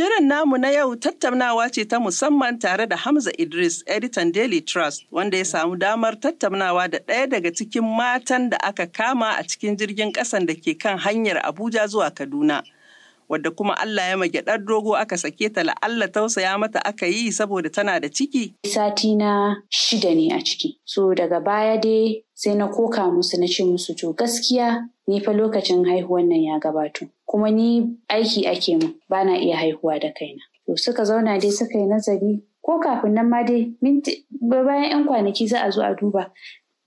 Shirin namu na yau tattaunawa ce ta musamman tare da Hamza Idris, editan Daily Trust, wanda ya samu damar tattaunawa da ɗaya daga cikin matan da aka kama a cikin jirgin ƙasan da ke kan hanyar Abuja zuwa Kaduna. wadda kuma Allah ya mage ɗan dogo aka sake ta la'alla tausaya mata aka yi saboda tana da ciki? Sati na shida ne a ciki. So daga baya dai sai na koka musu na ce musu to gaskiya ni fa lokacin haihuwan nan ya gabato. Kuma ni aiki ake mu ba na iya haihuwa da kaina. To suka zauna dai suka yi nazari ko kafin nan ma dai minti bayan 'yan kwanaki za a zo a duba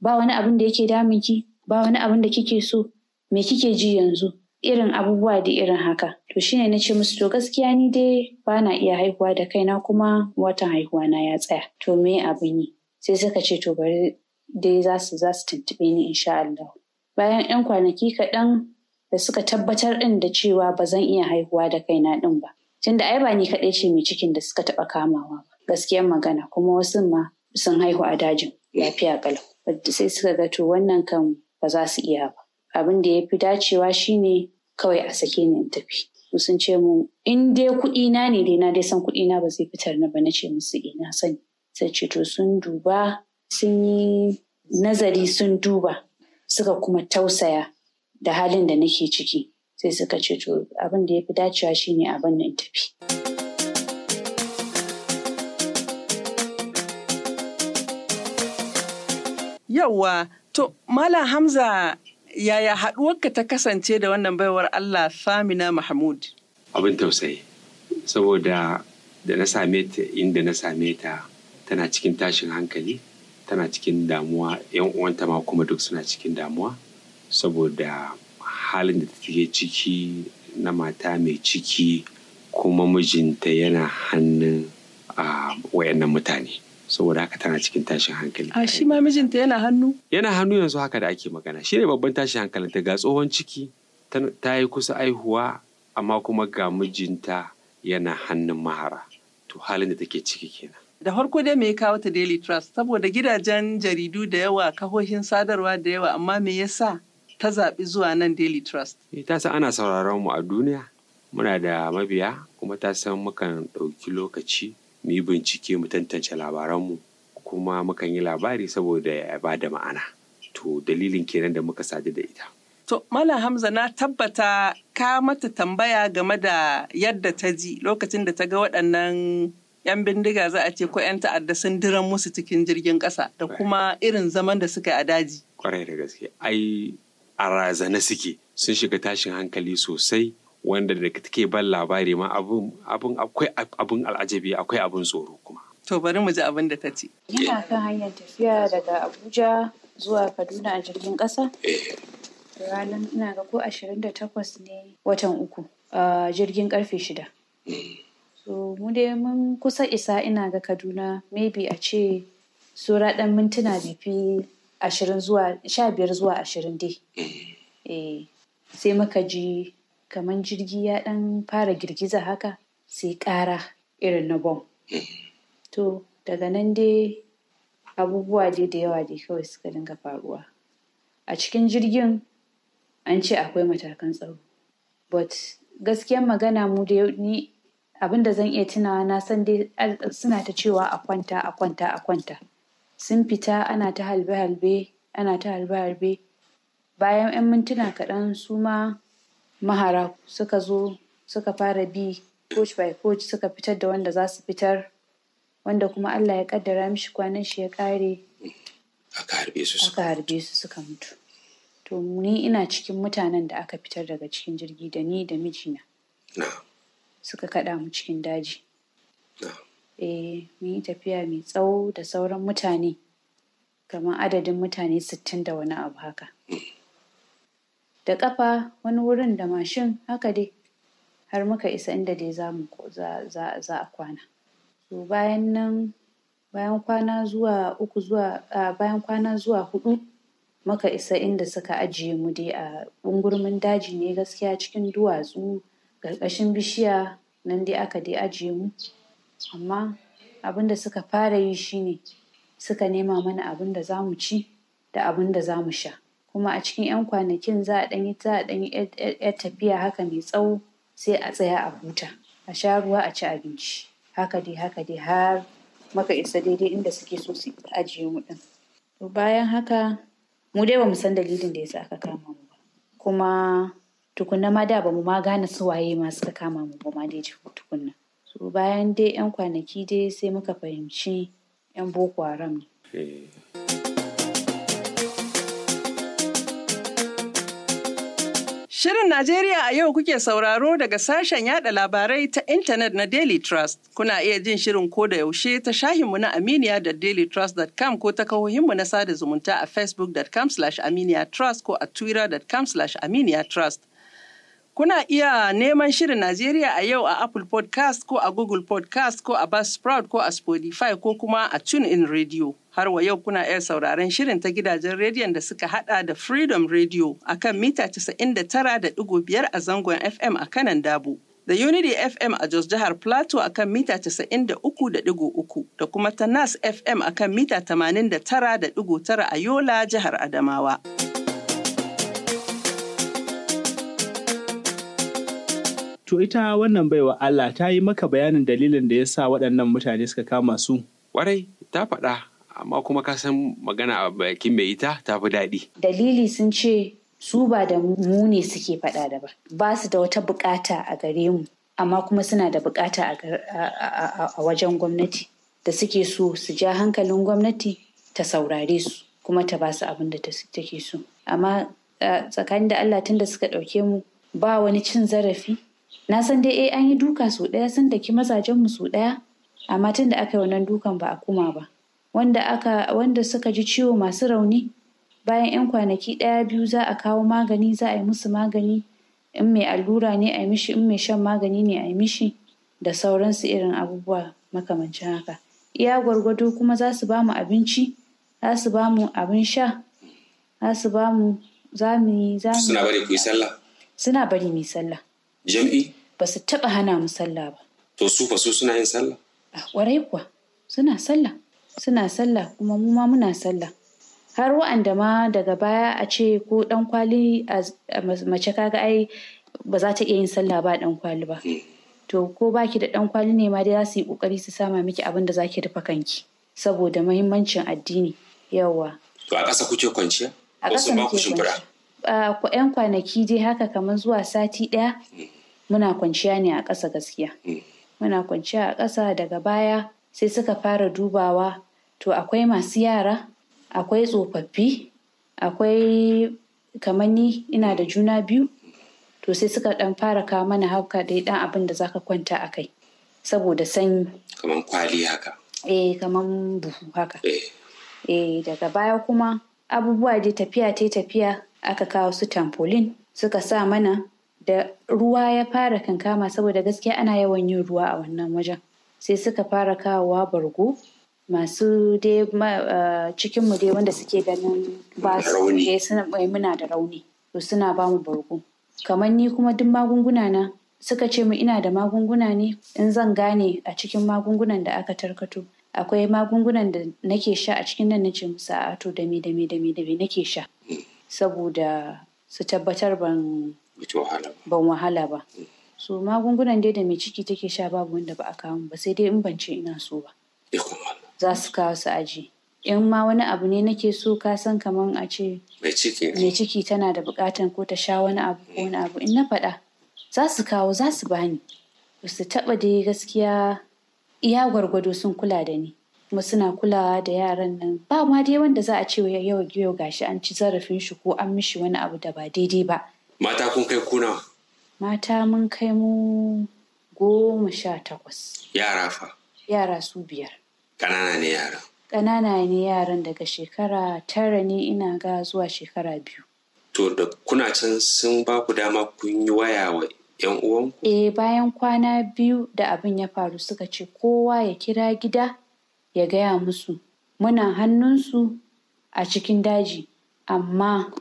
ba wani abin da yake ki. ba wani abin da kike so me kike ji yanzu irin abubuwa da irin haka. To shi ne na ce musu to gaskiya ni dai ba na iya haihuwa da kaina kuma watan haihuwa na ya tsaya. To me abin yi? Sai suka ce to bari dai za su za su tuntuɓe ni insha Allah. Bayan 'yan kwanaki kaɗan da suka tabbatar ɗin da cewa ba zan iya haihuwa da kaina ɗin ba. Tunda ai ba ni kaɗai ce mai cikin da suka taɓa kamawa ba. Gaskiyar magana kuma wasu ma sun haihu a dajin lafiya ƙalau. Sai suka ga to wannan kan ba za su iya ba. abin da ya fi dacewa shine kawai a sake ni in tafi sun ce mu in dai kuɗi na ne dai na dai san kuɗi na ba zai fitar na ba na ce musu ina eh, sani sai ce to sun duba sun yi nazari sun duba suka kuma tausaya da halin da nake ciki sai suka ce to abin da ya fi dacewa shine abin nan tafi Yawwa, to mala hamza Yaya haɗuwarka ta kasance da wannan baiwar Allah Samina Mahmud? Abin tausayi, saboda da na same ta inda na same ta tana cikin tashin hankali, tana cikin damuwa, ‘yan uwanta ma kuma duk suna cikin damuwa, saboda halin da take ciki na mata mai ciki kuma mijinta yana hannun ah, wayannan mutane. saboda haka tana cikin tashin hankali. A shi ma mijinta yana hannu? Yana hannu yanzu haka da ake magana shi ne babban tashin ta ga tsohon ciki ta yi kusa aihuwa amma kuma ga mijinta yana hannun mahara to halin da take ciki kenan. Da farko dai me ya kawo ta Daily Trust saboda gidajen jaridu da yawa kahohin sadarwa da yawa amma me yasa ta zaɓi zuwa nan Daily Trust? Eh, ta san ana sauraron mu a duniya muna da mabiya kuma ta san mukan ɗauki lokaci mu yi bincike mu tantance labaranmu kuma mukan yi labari saboda ya ba da ma'ana to dalilin kenan da muka sadu da ita To, Malam Hamza na tabbata ka mata tambaya game da yadda ta ji lokacin da ta ga waɗannan 'yan bindiga za a ce ko 'yan ta'adda sun diran musu cikin jirgin ƙasa da kuma irin zaman da suka yi a daji. Kwarai da gaske, ai a razana suke sun shiga tashin hankali sosai wanda da take ban labari ma abin akwai abin al'ajabi akwai abin tsoro kuma. To bari mu ji abin da ta ce. Yana kan hanyar tafiya daga Abuja zuwa Kaduna a jirgin ƙasa? Eh. Ranar ina ga ko ashirin da takwas ne watan uku a jirgin karfe shida. Eh. So mu dai mun kusa isa ina ga Kaduna maybe a ce sura ɗan mintuna bifi ashirin zuwa sha biyar zuwa ashirin dai. Eh. sai muka ji kamar jirgi ya ɗan fara girgiza haka sai ƙara irin na bom to daga nan dai abubuwa dai da yawa dai kawai suka dinga faruwa a cikin jirgin an ce akwai matakan tsaro but gaskiyan magana mu da ni abin da zan iya tunawa na san dai suna ta cewa a kwanta a kwanta a kwanta sun fita ana ta halbe halbe ana ta halbe halbe bayan 'yan mintuna kaɗan su ma mahara suka zo suka fara bi coach by coach suka fitar da wanda za su fitar wanda kuma Allah ya kaddara mishi kwanan shi ya kare aka harbe su suka mutu to ni ina cikin mutanen da aka fitar daga cikin jirgi da ni da mijina suka kada mu cikin daji eh mun yi tafiya mai tsawo da sauran mutane kamar adadin mutane sittin da wani abu haka mm. da ƙafa wani wurin da mashin haka dai har muka isa inda dai za a kwana to bayan nan bayan kwana zuwa uku zuwa bayan kwana zuwa huɗu muka isa inda suka ajiye mu dai a ungurmin daji ne gaskiya cikin duwatsu ƙarƙashin bishiya nan dai aka dai ajiye mu amma abin da suka fara yi shine suka nema mana abin da za mu ci da abin da za mu sha kuma a cikin 'yan kwanakin za a ɗanyi za a ɗanyi 'yar tafiya haka mai tsawo sai a tsaya a huta a sha ruwa a ci abinci haka dai haka dai har maka isa daidai inda suke so su ajiye mu ɗin. To bayan haka mu dai mu san dalilin da yasa aka kama mu ba kuma tukunna ma da bamu ma gane su waye ma suka kama mu ba ma dai tukunna. So bayan dai 'yan kwanaki dai sai muka fahimci 'yan Boko Haram ne. Eh. Shirin Najeriya a yau kuke sauraro daga sashen yada labarai ta intanet na Daily Trust. Kuna iya jin shirin ko da yaushe ta shahinmu na Aminiya da dailytrust.com ko ta kahohinmu na sada zumunta a facebook.com/aminiya trust ko a twitter.com/aminiya trust. Kuna iya neman shirin Najeriya a yau a Apple Podcast ko a Google Podcast ko a Buzzsprout ko a Spotify ko kuma a in Radio. Har wa yau kuna iya sauraron shirin ta gidajen rediyon da suka hada da Freedom Radio a kan mita 99.5 a zangon FM a kanan Dabo. Da Unity FM a Jos Jihar Plateau a kan mita 93.3 da kuma ta Nas FM a kan mita 89.9 a Yola Jihar Adamawa. To ita wannan baiwa Allah ta yi maka bayanin dalilin da ya sa waɗannan mutane suka kama su. Warai ta faɗa amma kuma ka san magana a bakin mai ita ta fi daɗi. Dalili sun ce su ba da mu ne suke faɗa da ba. Ba su da wata buƙata a gare mu amma kuma suna da buƙata a wajen gwamnati da suke so su ja hankalin gwamnati ta saurare su kuma ta ba su abin da take so. Amma eh, tsakanin da Allah tun da suka ɗauke mu ba wani cin zarafi Na san dai eh an yi duka su ɗaya sun daki mazajen mu su ɗaya, amma tun da aka yi wannan dukan ba a kuma ba. Wanda aka wanda suka ji ciwo masu rauni bayan 'yan kwanaki ɗaya biyu za a kawo magani za a yi musu magani in mai allura ne a yi mishi in mai shan magani ne a yi mishi da sauransu irin abubuwa makamancin haka. Iya gwargwado kuma za su bamu abinci, za su bamu abin sha, za su bamu zamu za yi za Suna bari ku yi sallah? Suna bari mu yi sallah. jam'i ba su taɓa hana mu sallah ba to su fa su suna yin sallah kwarai kuwa suna sallah suna sallah kuma mu ma muna sallah har wa'anda ma daga baya a ce ko dan kwali a mace kaga ai ba za ta iya yin sallah ba dan kwali ba hmm. to ko baki da dan kwali ne ma dai za su yi kokari su sama miki abin da zaki rufa kanki saboda mahimmancin addini yawa to a ƙasa kuke kwanciya a ƙasa muke kwanciya yan kwanaki dai haka kamar zuwa sati ɗaya hmm. muna kwanciya ne a ƙasa gaskiya eh. muna kwanciya a ƙasa daga baya sai suka fara dubawa to akwai masu yara akwai tsofaffi akwai kamani ina da juna biyu to sai suka ɗan fara kawo mana hauka da ɗan abin da za ka kwanta a kai saboda sanyi Kaman kwali haka eh kamar buhu haka eh. eh daga baya kuma abubuwa dai tafiya ta tafiya aka kawo su tampolin suka sa mana da ruwa ya fara kankama saboda gaskiya ana yawan yin ruwa a wannan wajen sai suka fara kawowa bargo masu dai cikinmu dai wanda suke ganin ba su eh, eh, muna da rauni to suna ba mu bargo kamar ni kuma duk magunguna na suka ce mu ina da magunguna ne in zan gane a cikin magungunan da aka tarkato akwai magungunan da nake sha a cikin nan nace musu a to da me da me nake sha mm. saboda su tabbatar ban ban wahala ba so magungunan dai da mai ciki take sha babu wanda ba a kawo ba sai dai in ban ce ina so ba za su kawo su aji in ma wani abu ne nake so ka san kaman a ce mai ciki tana da bukatan ko ta sha wani abu ko wani abu in na faɗa za su kawo za su bani ba su taɓa dai gaskiya iya gwargwado sun kula da ni kuma suna kulawa da yaran nan ba ma dai wanda za a ce yau yau gashi an ci zarafin shi ko an mishi wani abu da ba daidai ba mata kun kai kuna mata mun kai mu goma sha takwas yara fa yara su biyar ƙanana ne yara ƙanana ne yaran daga shekara tara ne ina ga zuwa shekara biyu to da kuna can sun ba ku dama kun yi waya wa yan uwanku eh bayan kwana biyu da abin ya faru suka ce kowa ya kira gida ya gaya musu muna hannunsu a cikin daji amma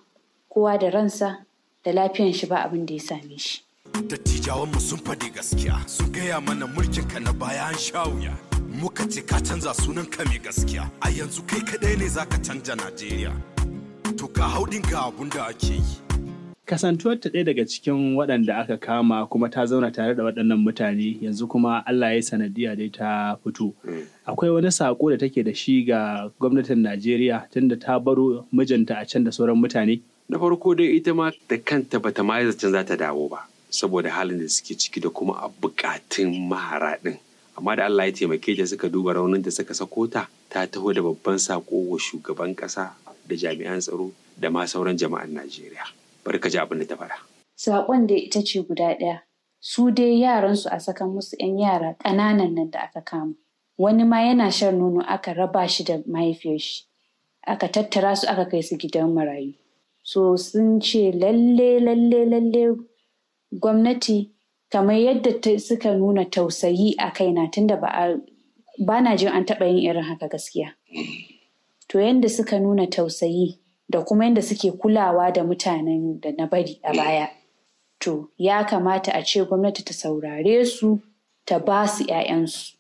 kowa da ransa da lafiyan shi ba abin da ya same shi. dattijawan mu sun faɗi gaskiya sun gaya mana mulkin ka na bayan sha wuya. Muka ce ka canza sunan ka mai gaskiya a yanzu kai kaɗai ne zaka ka canja Najeriya. To ka haudin ga abun da ake yi. Kasantuwar ta ɗaya daga cikin waɗanda aka kama kuma ta zauna tare da waɗannan mutane yanzu kuma Allah ya sanadiya dai ta fito. Hmm. Akwai wani saƙo da take da shi ga gwamnatin Najeriya tunda ta baro mijinta a can da sauran mutane. na farko dai ita ma da kanta bata ma zaton za ta dawo ba saboda halin da suke ciki da kuma a bukatun mahara din amma da Allah ya taimake ta suka duba raunin da suka sako ta ta taho da babban sako wa shugaban ƙasa da jami'an tsaro da ma sauran jama'an Najeriya barka ji abin da ta faɗa sakon da ita ce guda ɗaya su dai yaran su a saka musu 'yan yara ƙananan nan da aka kama wani ma yana shan nono aka raba shi da mahaifiyar shi aka tattara su aka kai su gidan marayu so sun ce lalle lalle lalle gwamnati kamar yadda suka nuna tausayi a kaina tunda ba ba na jin an taɓa yin irin haka gaskiya to yadda suka nuna tausayi da kuma yadda suke kulawa da mutanen da na bari a baya to ya kamata a ce gwamnati ta saurare su ta ba su 'ya'yansu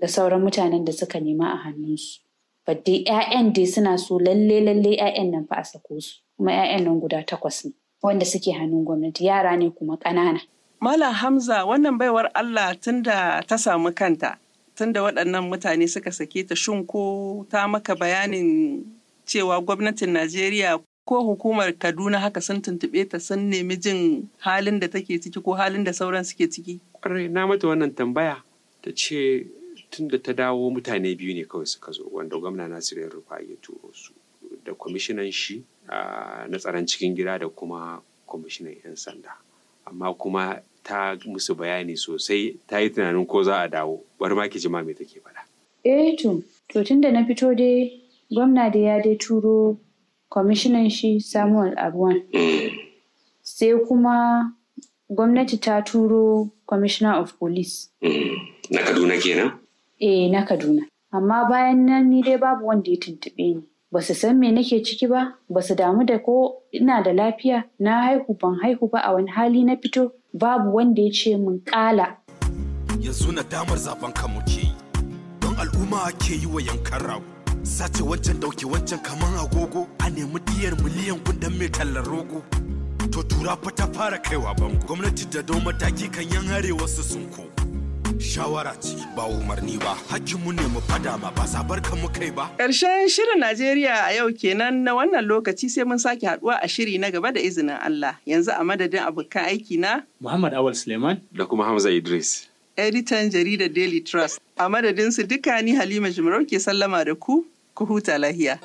da sauran mutanen da suka nema a hannunsu. Ba dai 'ya'yan dai suna so lalle lalle 'ya'yan nan fa a sako su. kuma 'ya'yan nan guda takwas ne wanda suke hannun gwamnati yara ne kuma ƙanana. Mala Hamza wannan baiwar Allah tunda ta samu kanta tunda waɗannan mutane suka sake ta shin ko ta maka bayanin cewa gwamnatin Najeriya ko hukumar Kaduna haka sun tuntuɓe ta sun nemi jin halin da take ciki ko halin da sauran suke ciki. Ƙwarai na mata wannan tambaya ta ce tunda ta dawo mutane biyu ne kawai suka zo wanda gwamna Nasiru Rufai ya turo su da kwamishinan shi na tsaron cikin gida da kuma kwamishinan 'yan sanda amma kuma ta musu bayani sosai ta yi tunanin ko za a dawo bar ma ki jima me take faɗa. eh to to tun na fito dai gwamna da ya dai turo kwamishinan shi samuel abuwan sai kuma gwamnati ta turo commissioner of police na kaduna kenan eh na kaduna amma bayan nan ni dai babu wanda ya tuntuɓe ni ba su san me nake ciki ba ba su damu da ko ina da lafiya na haihu ban haihu ba a wani hali na fito babu wanda ya ce mun kala yanzu na damar zaben kanmu muke yi don al'umma ke yi wa yankan rago sace wancan dauke wancan kaman agogo a nemi diyar miliyan kundan mai tallar rogo to tura fa ta fara kaiwa bango gwamnati da dau mataki kan yan arewa su sunko shawara ci ba umarni ba mu ne mu fada ma ba sa barka mu kai ba ƙarshen shirin Najeriya a yau kenan na wannan lokaci sai mun sake haduwa a shiri na gaba da izinin Allah yanzu a madadin abokan aiki na Muhammad Awal Suleiman da kuma Hamza Idris editan jaridar Daily Trust a madadinsu duka ni Halima Jimarau ke sallama da ku ku huta lahiya.